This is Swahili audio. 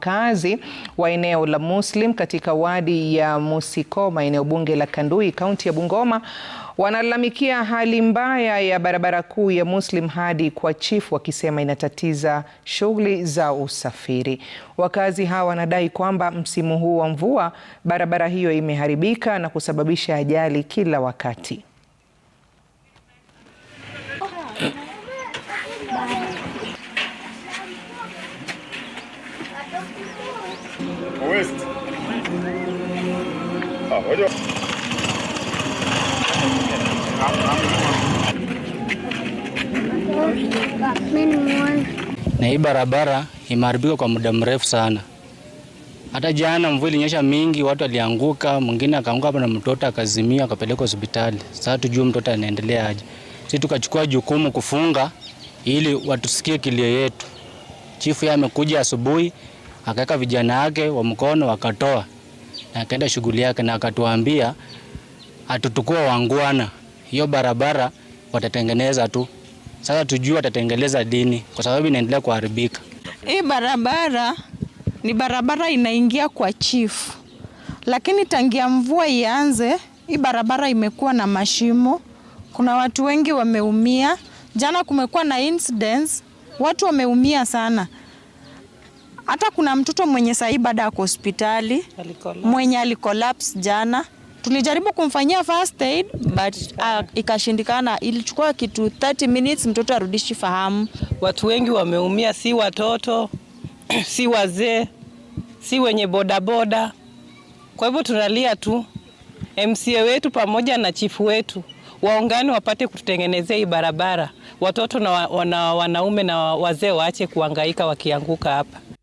Wakazi wa eneo la Muslim katika wadi ya Musikoma eneo bunge la Kandui kaunti ya Bungoma wanalalamikia hali mbaya ya barabara kuu ya Muslim hadi kwa chifu wakisema inatatiza shughuli za usafiri. Wakazi hawa wanadai kwamba msimu huu wa mvua barabara hiyo imeharibika na kusababisha ajali kila wakati. West. Ah, Na hii barabara imeharibika kwa muda mrefu sana. Hata jana mvua ilinyesha mingi, watu walianguka, mwingine akaanguka hapa na mtoto akazimia, akapelekwa hospitali. Sasa tujue mtoto anaendelea aje. Sisi tukachukua jukumu kufunga ili watusikie kilio yetu. Chifu yeye amekuja asubuhi akaweka vijana wake wa mkono wakatoa na akaenda shughuli yake, na akatuambia hatutukua wangwana, hiyo barabara watatengeneza tu. Sasa tujue watatengeneza dini, kwa sababu inaendelea kuharibika hii barabara. Ni barabara inaingia kwa chifu, lakini tangia mvua ianze, hii barabara imekuwa na mashimo. Kuna watu wengi wameumia. Jana kumekuwa na incidents, watu wameumia sana. Hata kuna mtoto mwenye sahii baada ya hospitali mwenye alikolapse jana, tulijaribu kumfanyia first aid but uh, ikashindikana. Ilichukua kitu 30 minutes mtoto arudishi fahamu. Watu wengi wameumia, si watoto si wazee si wenye bodaboda. Kwa hivyo tunalia tu, MCA wetu pamoja na chifu wetu waungane wapate kututengenezea hii barabara, watoto na wanaume na wazee waache kuangaika wakianguka hapa.